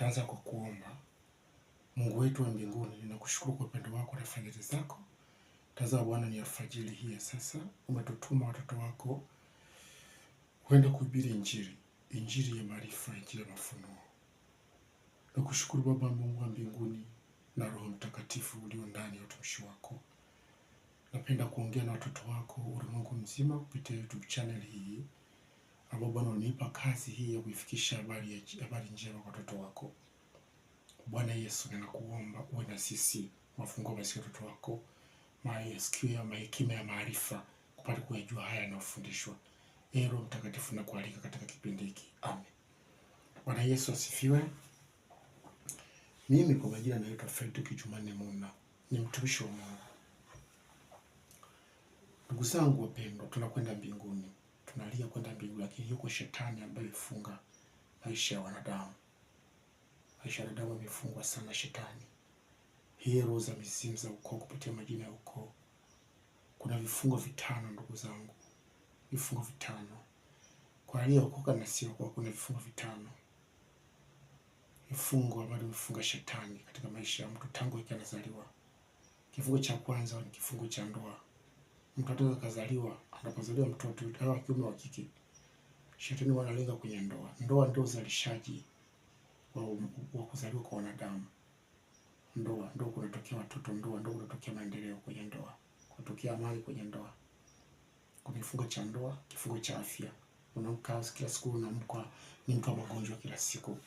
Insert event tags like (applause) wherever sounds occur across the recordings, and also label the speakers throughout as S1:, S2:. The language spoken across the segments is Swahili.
S1: Tutaanza kwa kuomba. Mungu wetu wa mbinguni, ninakushukuru kwa upendo wako na fadhili zako. Tazama Bwana, ni alfajiri hii ya sasa, umetutuma watoto wako kwenda kuhubiri Injili, Injili ya maarifa, Injili ya mafunuo. Nakushukuru Baba Mungu wa mbinguni na Roho Mtakatifu ulio ndani ya utumishi wako. Napenda kuongea na watoto wako ulimwengu mzima kupitia YouTube channel hii ambao Bwana unipa kazi hii ya kuifikisha habari ya habari njema kwa watoto wako. Bwana Yesu, ninakuomba uwe na sisi, wafungua masikio watoto wako, masikio ya hekima ya maarifa, kupata kuyajua haya yanayofundishwa. Ee Roho Mtakatifu, na kualika katika kipindi hiki, amen. Bwana Yesu asifiwe. Mimi kwa majina naitwa Fredrick Jumanne Muna, ni mtumishi wa Mungu. Ndugu zangu wapendwa, tunakwenda mbinguni tunalia kwenda mbinguni, lakini yuko shetani ambaye amefunga maisha ya wanadamu. Maisha ya wanadamu amefungwa sana shetani, hii roho za mizimu za ukoo kupitia majina ya ukoo. Kuna vifungo vitano, ndugu zangu, vifungo vitano kwa aliyeokoka na sio kwa. Kuna vifungo vitano, vifungo ambavyo vifunga shetani katika maisha ya mtu tangu yake anazaliwa. Kifungo cha kwanza ni kifungo cha ndoa mtoto akazaliwa, anapozaliwa mtoto wa kiume wa kike, shetani wanalenga kwenye ndoa. Ndoa ndio uzalishaji wa, wa kuzaliwa kwa wanadamu. Ndoa ndio kunatokea watoto, ndoa ndio kunatokea maendeleo kwenye ndoa, kunatokea amani kwenye ndoa. Kuna kifungo cha ndoa, kifungo cha afya. Unaamka kila siku unaamka ni mtu wa magonjwa kila siku,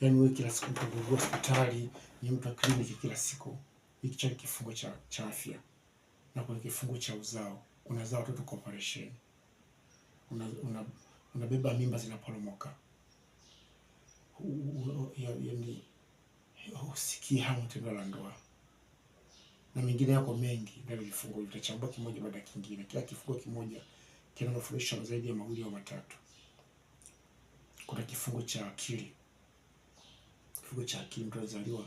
S1: yaani wewe kila siku utagonjwa hospitali, ni mtu wa kliniki kila siku. Hiki cha kifungo cha, cha afya na kwenye kifungu cha uzao unazaa watoto kwa operation, unabeba una, una mimba zinaporomoka, yaani husikii hamu tendo la ndoa na mengine yako mengi ndani vifungo vifungu. Utachambua kimoja baada ya kingine. Kila kifungu kimoja kinanafundisha zaidi ya mawili au matatu. Kuna kifungu cha akili, kifungu cha akili, mtu anazaliwa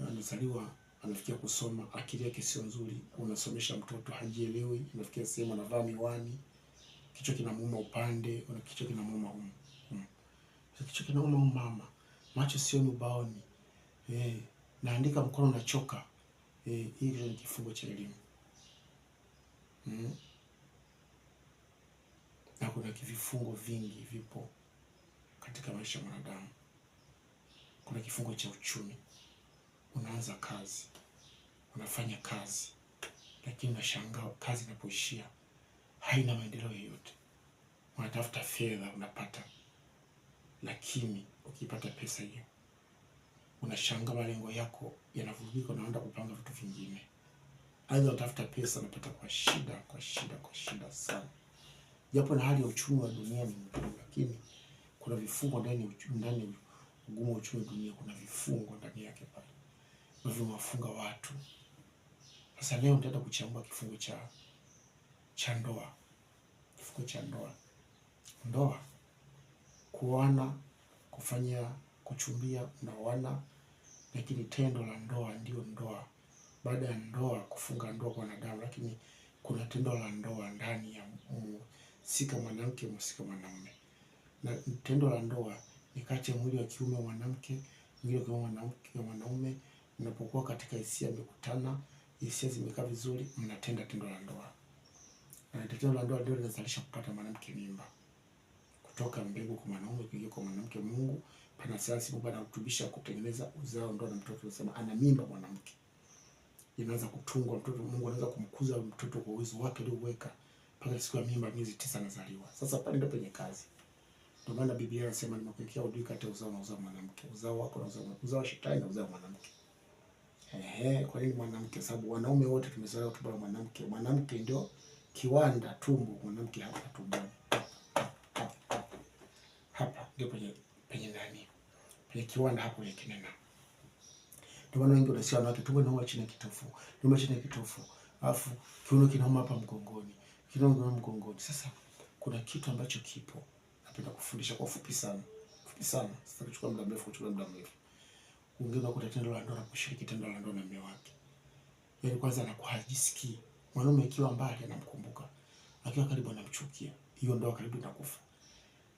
S1: anazaliwa anafikia kusoma, akili yake sio nzuri, unasomesha mtoto hajielewi, anafikia sehemu anavaa miwani, kichwa kinamuuma upande, una kichwa kinamuuma huko hmm. kichwa kinamuuma mama, macho sio ubaoni, eh, naandika mkono choka Eh, hili ni kifungo cha elimu hmm. na kuna vifungo vingi vipo katika maisha ya mwanadamu. Kuna kifungo cha uchumi unaanza kazi, unafanya kazi, lakini unashangaa kazi inapoishia haina maendeleo yoyote. Unatafuta fedha unapata, lakini ukipata pesa hiyo unashangaa malengo yako yanavurugika, unaenda kupanga vitu vingine. Aidha unatafuta pesa unapata kwa shida, kwa shida, kwa shida sana, japo na hali ya uchumi wa dunia ni mgumu, lakini kuna vifungo ndani ya uchumi, ndani ya ugumu wa uchumi wa dunia, kuna vifungo ndani yake pale vimewafunga watu. Sasa leo nitaenda kuchambua kifungu cha cha ndoa, kifungu cha ndoa. Ndoa, kuoana, kufanya, kuchumbia, unaoana, lakini tendo la ndoa ndio ndoa. Baada ya ndoa, kufunga ndoa kwa wanadamu, lakini kuna tendo la ndoa ndani ya mhusika mwanamke, mhusika mwanamume, na tendo la ndoa ni kati ya mwili wa kiume wa mwanamke, mwili wa kiume wa mwanaume Mnapokuwa katika hisia, mmekutana, hisia zimekaa vizuri, mnatenda tendo la ndoa, na tendo la ndoa ndio linazalisha kupata mwanamke mimba kutoka mbegu kwa mwanaume kuingia kwa mwanamke. Mungu pana sayansi Mungu anahutubisha kutengeneza uzao ndoa na mtoto, anasema ana mimba mwanamke, inaanza kutungwa mtoto. Mungu anaanza kumkuza mtoto kwa uwezo wake alioweka mpaka siku ya mimba, miezi tisa anazaliwa. Sasa pale ndio penye kazi. Ndio maana Biblia inasema nimekuwekea adui kati ya uzao na uzao mwanamke, uzao wako na uzao uzao wa shetani na uzao wa mwanamke. Ehe, kwa hiyo mwanamke, sababu wanaume wote tumezoea tumbo la mwanamke. Mwanamke ndio kiwanda tumbo, mwanamke hapa tumbo hapa ndio penye penye nani penye kiwanda hapo ya kinena. Ndio maana wengi wanasema wanawake tumbo linauma chini ya kitofu, linauma chini ya kitofu, alafu kiuno kinauma hapa mgongoni, kiuno kinauma mgongoni. Sasa kuna kitu ambacho kipo, napenda kufundisha kwa ufupi sana, fupi sana, sitachukua muda mrefu, kuchukua muda mrefu mwingine unakuta tendo la ndoa kushiriki tendo la ndoa na mume wake. Yaani kwanza anakuwa hajisikii. Mwanaume akiwa mbali anamkumbuka. Akiwa karibu anamchukia. Hiyo ndoa karibu inakufa.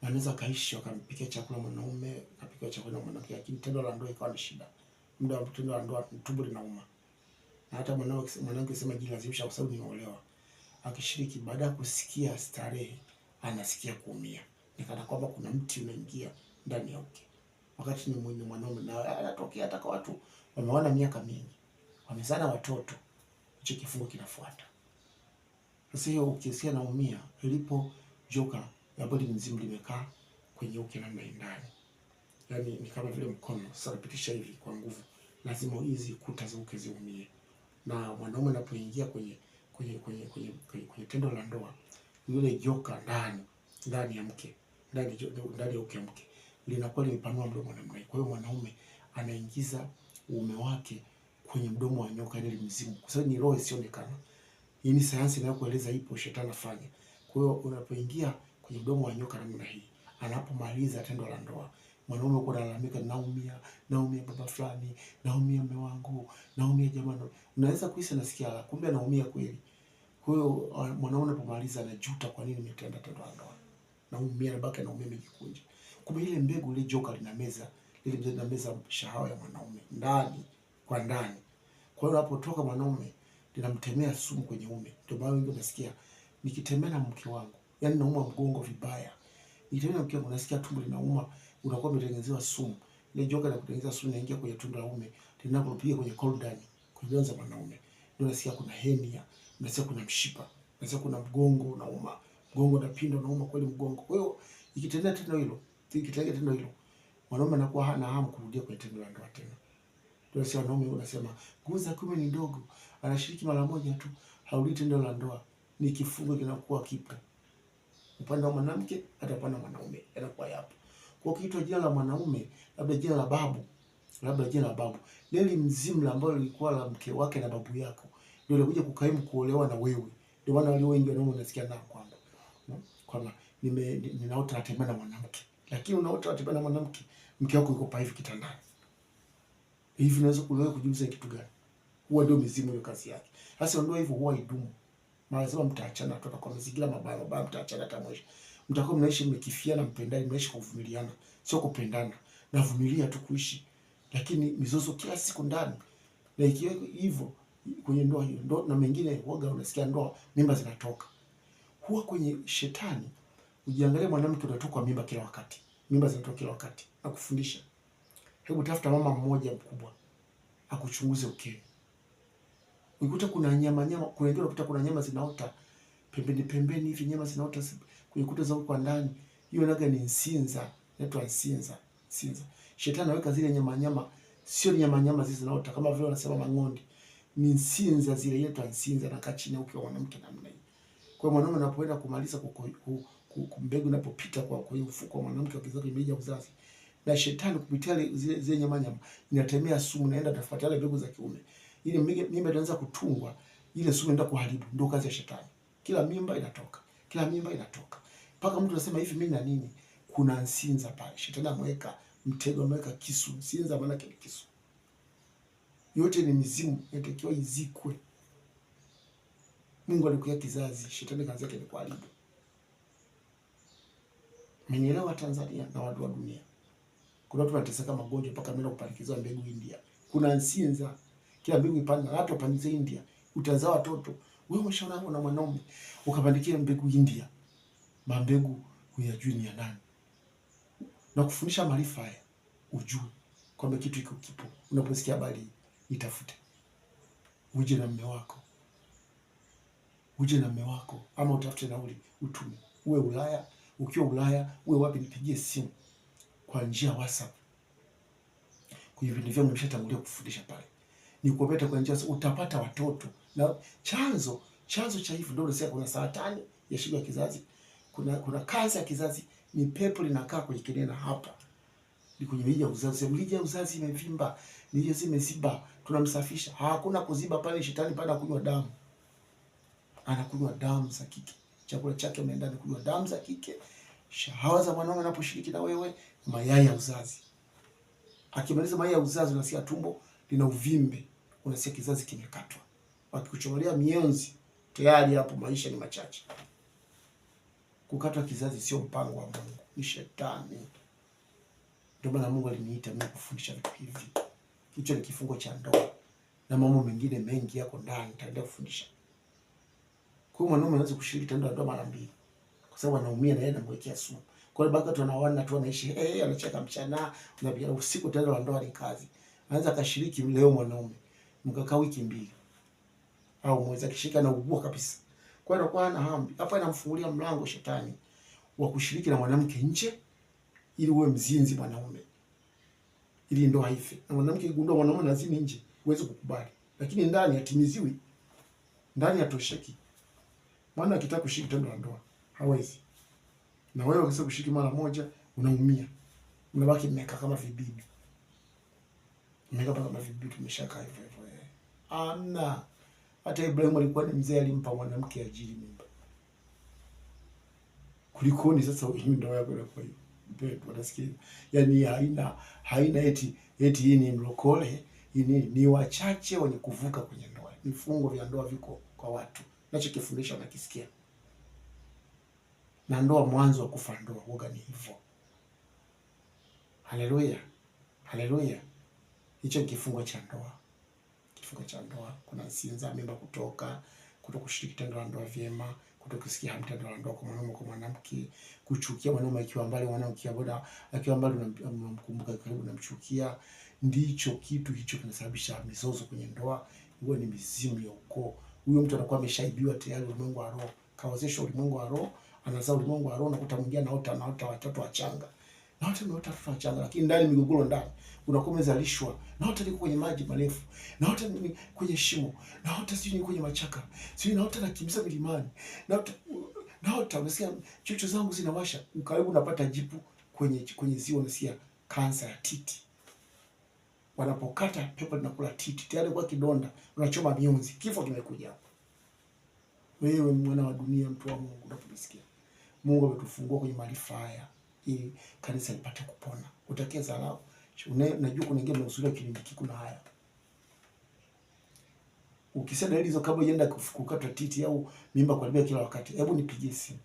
S1: Na anaweza kaishi wakampikia chakula mwanaume, akapikia chakula na mwanamke lakini tendo la ndoa ikawa ni shida. Muda wa tendo la ndoa tumbo linauma. Na hata mwanamke mwanamke sema jilazimisha kwa sababu nimeolewa. Akishiriki baada ya kusikia starehe anasikia kuumia. Ni kana kwamba kuna mti unaingia ndani ya uke wakati ni mwenye mwanaume na anatokea hata kwa watu wameona miaka mingi wamezana watoto, hicho kifungo kinafuata. Sasa hiyo ukisikia naumia, ilipo joka la bodi mzimu limekaa kwenye uke namna ndani, yani yaani ni kama vile mkono. sarapitisha hivi kwa nguvu, lazima hizi kuta za uke ziumie, na mwanaume anapoingia kwenye kwenye kwenye kwenye kwenye, kwenye tendo la ndoa, yule joka ndani ndani ya mke ndani ndani ya uke mke linakuwa limepanua mdomo namna hii. Kwa hiyo mwanaume anaingiza uume wake kwenye mdomo wa nyoka, yaani mzimu, kwa sababu ni roho isionekana. Hii ni sayansi inayokueleza ipo, shetani afanye. Kwa hiyo unapoingia kwenye mdomo wa nyoka namna hii, anapomaliza tendo la ndoa, mwanaume uko analalamika, naumia, naumia baba fulani, naumia mume wangu, naumia jamani. Unaweza kuhisi nasikia la, kumbe anaumia kweli. Kwa hiyo uh, mwanaume anapomaliza anajuta, kwa nini nimetenda tendo la ndoa, naumia, nabaki naumia, nimejikunja. Kumbe ile mbegu ile joka linameza ile linameza shahawa ya mwanaume ndani kwa ndani. Kwa hiyo unapotoka mwanaume linamtemea sumu kwenye ume. Ndio maana wengi unasikia nikitemea na mke wangu, yani nauma mgongo vibaya. Nikitemea na mke wangu unasikia tumbo linauma, unakuwa umetengenezewa sumu. Ile joka la kutengeneza sumu inaingia kwenye tumbo la ume, linapopiga kwenye korodani, kujonza mwanaume. Ndio unasikia kuna hernia, unasikia kuna mshipa, unasikia kuna mgongo unauma. Mgongo unapinda unauma kweli mgongo. Kwa hiyo ikitendea tendo hilo kitenge tendo hilo, mwanaume anakuwa hana hamu kurudia kwenye tendo la ndoa tena. Ndio sio wanaume wanasema nguvu za kiume ni ndogo, anashiriki mara moja tu, haurudi tendo la ndoa. Ni kifungo kinakuwa kipya. upande wa mwanamke, hata upande wa mwanaume yanakuwa yapo. Kwa kiitwa jina la mwanaume, labda jina la babu, labda jina la babu neli mzimla ambalo lilikuwa la mke wake na babu yako, ndio alikuja kukaimu kuolewa na wewe. Ndio maana walio wengi wanaume unasikia nao kwamba kwamba nime ninaota natembea na mwanamke lakini unaota watembea na mwanamke, mke wako yuko paivi kitandani hivi, unaweza kuelewa kujiuliza kitu gani? Huwa ndio mizimu hiyo kazi yake. Sasa ndio hivyo, huwa idumu mara zima, mtaachana tu kwa mazingira mabaya mabaya, mtaachana hata mwisho, mtakuwa mnaishi mmekifiana, mpendani, mnaishi kuvumiliana, sio kupendana. Navumilia tu kuishi, lakini mizozo kila siku ndani na ikiwa hivyo kwenye ndoa hiyo, ndo, na mengine, woga unasikia ndoa mimba zinatoka, huwa kwenye shetani Ujiangalie mwanamke, utatokwa mimba kila wakati, mimba zinatoka kila wakati. Nakufundisha, hebu tafuta mama mmoja mkubwa akuchunguze ukimwi. Ukikuta kuna nyama nyama, kuna ndio unakuta kuna nyama zinaota pembeni pembeni hivi, nyama zinaota kwenye kuta za huko ndani, hiyo naga ni nsinza, inaitwa nsinza. Nsinza shetani anaweka zile nyama nyama, sio nyama nyama zile zinaota kama vile wanasema mang'ondi, ni nsinza zile, inaitwa nsinza. Na kachini ukiwa mwanamke namna hii, kwa mwanamume anapoenda kumaliza kuko mbegu inapopita kwa kwenye mfuko wa mwanamke wa kizazi kimejaa uzazi, na shetani kupitia zile zile nyama nyama inatemea sumu, naenda tafuta yale mbegu za kiume, ili mimba itaanza kutungwa, ile sumu inaenda kuharibu. Ndio kazi ya shetani, kila mimba inatoka, kila mimba inatoka, mpaka mtu anasema hivi, mimi na nini? Kuna nsinza pale, shetani ameweka mtego, ameweka kisu. Nsinza maana yake kisu, yote ni mizimu, inatakiwa izikwe. Mungu alikuwa kizazi, shetani kazi yake ni kuharibu wa Tanzania na watu wa dunia. Kuna watu wanateseka magonjwa mpaka mimi nakupandikizwa mbegu India. Kuna nsinza kila mbegu ipanda watu wapandikize India. Utazaa watoto. Wewe umeshaona na mwanaume ukapandikia mbegu India. Mambegu huyajui ni ya nani. Na kufundisha maarifa haya ujue kwamba kitu iko kipo. Unaposikia habari itafute. Uje na mume wako. Uje na mume wako ama utafute nauli utume. Uwe Ulaya ukiwa Ulaya, uwe wapi, nipigie simu kwa njia ya WhatsApp. Kwenye vipindi vyangu nimeshatangulia kufundisha pale, ni kuwapata kwa njia, utapata watoto na chanzo chanzo cha hivi ndio nasema kuna saratani ya shingo ya kizazi, kuna kuna kansa ya kizazi, ni pepo linakaa kwenye kinena hapa, ni kwenye mirija ya uzazi. Mirija ya uzazi imevimba, mirija zimeziba, tunamsafisha. Hakuna kuziba pale, shetani pale anakunywa damu, anakunywa damu za kike chakula chake unaenda ni kunywa damu za kike, shahawa za mwanaume anaposhiriki na wewe, mayai ya uzazi. Akimaliza mayai ya uzazi, unasikia tumbo lina uvimbe, unasikia kizazi kimekatwa. Wakikuchomolea mionzi, tayari hapo maisha ni machache. Kukatwa kizazi sio mpango wa Mungu, ni shetani. Ndio maana Mungu aliniita mimi kufundisha vitu hivi. Hicho ni kifungo cha ndoa na mambo mengine mengi yako ndani, nitaendelea kufundisha. Kwa hiyo mwanaume anaweza kushiriki tendo la ndoa mara mbili kwa sababu anaumia na yeye anamwekea sumu. Kwa hiyo baka tunaona tu anaishi eh hey, anacheka mchana na pia usiku tendo la ndoa ni kazi. Anaweza kashiriki leo mwanaume mkakaa wiki mbili au mwezi akishika na ugua kabisa. Kwa hiyo kwa ana hambi Hapa inamfungulia mlango shetani wa kushiriki na mwanamke nje ili uwe mzinzi mwanaume. Ili ndoa ife. Na mwanamke igundua mwanaume anazini nje, uweze kukubali. Lakini ndani atimiziwi. Ndani atosheki maana akitaka kushika tendo la ndoa hawezi. Na wewe ukisema kushika mara moja unaumia. Unabaki mmekaa kama vibibi. Mmekaa kama vibibi tumeshakaa hivyo hivyo. Eh. Ana hata Ibrahim alikuwa ni mzee alimpa mwanamke ajili mimba. Kulikoni sasa hii ndoa yako inakuwa hiyo? Mpendwa nasikia. Yaani haina haina eti eti hii ni mlokole, hii ni ni wachache wenye kuvuka kwenye ndoa. Vifungo vya ndoa viko kwa watu nachokifundisha unakisikia. Na ndoa mwanzo wa kufa ndoa huoga ni hivyo. Haleluya, haleluya! Hicho kifungo cha ndoa, kifungo cha ndoa. Kuna sinza mimba kutoka, kutokushiriki tendo la ndoa vyema, kutokusikia hamta tendo ndoa kwa mwanaume kwa mwanamke, kuchukia mwanaume akiwa mbali, mwanamke akiwa mbali unamkumbuka karibu, unamchukia. Ndicho kitu hicho kinasababisha mizozo kwenye ndoa, huwa ni mizimu ya ukoo huyo mtu anakuwa ameshaibiwa tayari ulimwengu wa roho, kawezeshwa ulimwengu wa roho, anazaa ulimwengu wa roho, nakuta mwingine anaota anaota watoto wachanga na hata ni watoto wachanga, lakini ndani migogoro ndani unakuwa umezalishwa na hata niko kwenye maji marefu na hata ni kwenye shimo na hata sijui ni kwenye machaka sijui na hata anakimbiza milimani na hata na hata unasikia chuchu zangu zinawasha, ukaribu unapata jipu kwenye kwenye ziwa, unasikia kansa ya titi wanapokata pepo linakula titi, tayari kwa kidonda, unachoma mionzi, kifo kimekuja hapo. Wewe mwana wa dunia, mtu wa Mungu, unapomsikia Mungu ametufungua kwenye maarifa haya ili kanisa lipate kupona. Utakia dharau. Najua kuna wengine wanahusudia kliniki, kuna haya. Ukisema dalili hizo kabla hujaenda kukata titi au mimba kuharibika kila wakati, hebu nipigie simu,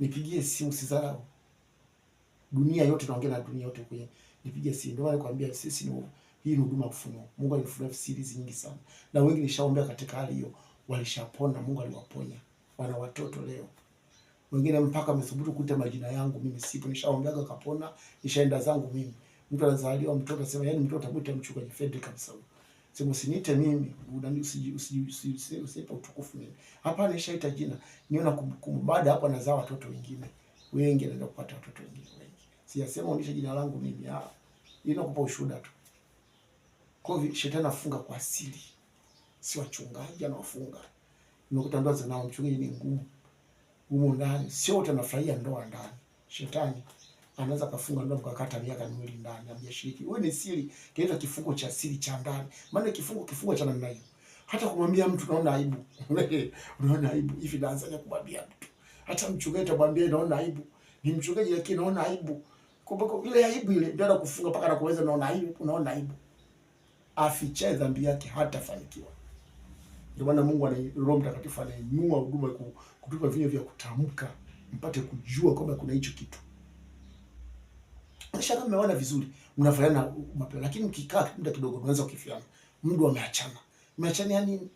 S1: nipigie simu, sidharau. Dunia yote naongea na dunia yote kwenye nipige simu. Ndio maana kuambia sisi ni hii ni huduma kufunua. Mungu alifunua siri nyingi sana. Na wengi nishaombea katika hali hiyo walishapona, Mungu aliwaponya. Wana watoto leo. Wengine mpaka wamethubutu kuita majina yangu mimi sipo, nishaombeaga kapona, nishaenda zangu mimi. Mtu anazaliwa mtoto asema yani mtoto atakuita mchuka ni Fred kabisa Sema usiniite mimi, unani usiji usiji usiji usipa utukufu mimi. Hapana, nishaita jina. Niona kumbukumbu baada hapo anazaa watoto wengine. Wengi anaenda kupata watoto wengine wengi. Siyasema unisha jina langu mimi. Ah inakupa ushuhuda tu. Kwa hivyo shetani anafunga kwa asili, si wachungaji anawafunga. Nimekuta ndoa zinao mchungaji ni ngumu humo ndani, sio wote anafurahia ndoa ndani. Shetani anaweza kafunga ndoa mkakata miaka miwili ndani, hamjashiriki. Wewe ni siri, kinaitwa kifungo cha siri cha ndani. Maana kifungo kifungo cha namna hiyo hata kumwambia mtu naona aibu. (laughs) Unaona aibu hivi, naanza kumwambia mtu hata mchungaji atamwambia, naona aibu, ni mchungaji lakini naona aibu. Kumbuko ile aibu ile ndio anakufunga mpaka anakuweza naona aibu, unaona aibu. Afichae dhambi yake hata fanikiwa. Ndio maana Mungu ana Roho Mtakatifu anainua huduma kutupa vinyo vya kutamka mpate kujua kwamba kuna hicho kitu. Kisha kama umeona vizuri, mnafanyana mapema, lakini mkikaa muda kidogo mnaanza kukifiana. Mungu ameachana. ya nini?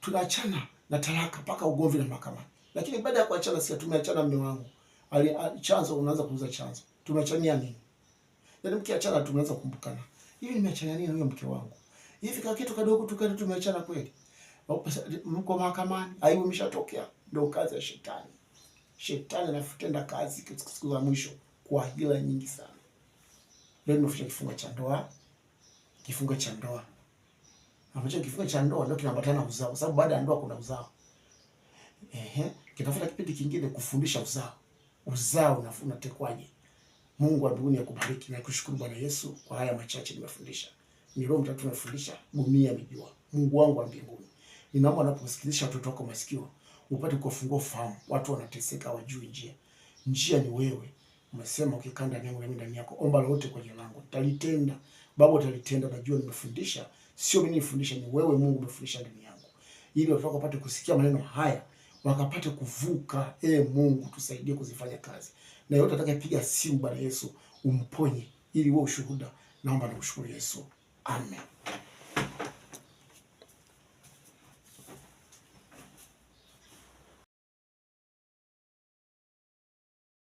S1: tunaachana na talaka mpaka ugomvi na mahakamani. Lakini baada ya kuachana, si tumeachana, mume wangu. Ali chanzo unaanza kuuza chanzo tunachania nini? Yaani mkiachana tu mnaanza kumbukana. Hivi nimeachana nini na huyo mke wangu? Hivi kwa kitu kadogo tu kadogo tumeachana kweli? Mko mahakamani, aibu imeshatokea. Ndio kazi ya shetani. Shetani anafutenda kazi siku za mwisho kwa hila nyingi sana. Ndio nimefuta kifungo cha ndoa. Kifungo cha ndoa. Ambacho kifungo cha ndoa ndio kinaambatana uzao, kwa sababu baada ya ndoa kuna uzao. Ehe, kitafuta kipindi kingine kufundisha uzao. Uzao unafuna tekwaje? Mungu wa mbinguni akubariki na kushukuru Bwana Yesu kwa haya machache nimefundisha. Ni Roho Mtakatifu anafundisha, dunia imejua. Mungu wangu wa mbinguni, ninaomba wanaposikiliza watoto wako masikio, upate kuwafungua ufahamu. Watu wanateseka, wajui njia. Njia ni wewe. Umesema ukikaa ndani yangu nami yaani ndani yako, omba lolote kwa jina langu nitalitenda. Baba, utalitenda. Najua nimefundisha, sio mimi nifundisha, ni wewe Mungu umefundisha ndani yangu, ili watu wako wapate kusikia maneno haya wakapate kuvuka. Ee Mungu, tusaidie kuzifanya kazi na yote atakayepiga simu Bwana Yesu umponye, ili wewe ushuhuda. Naomba na kushukuru Yesu, amen.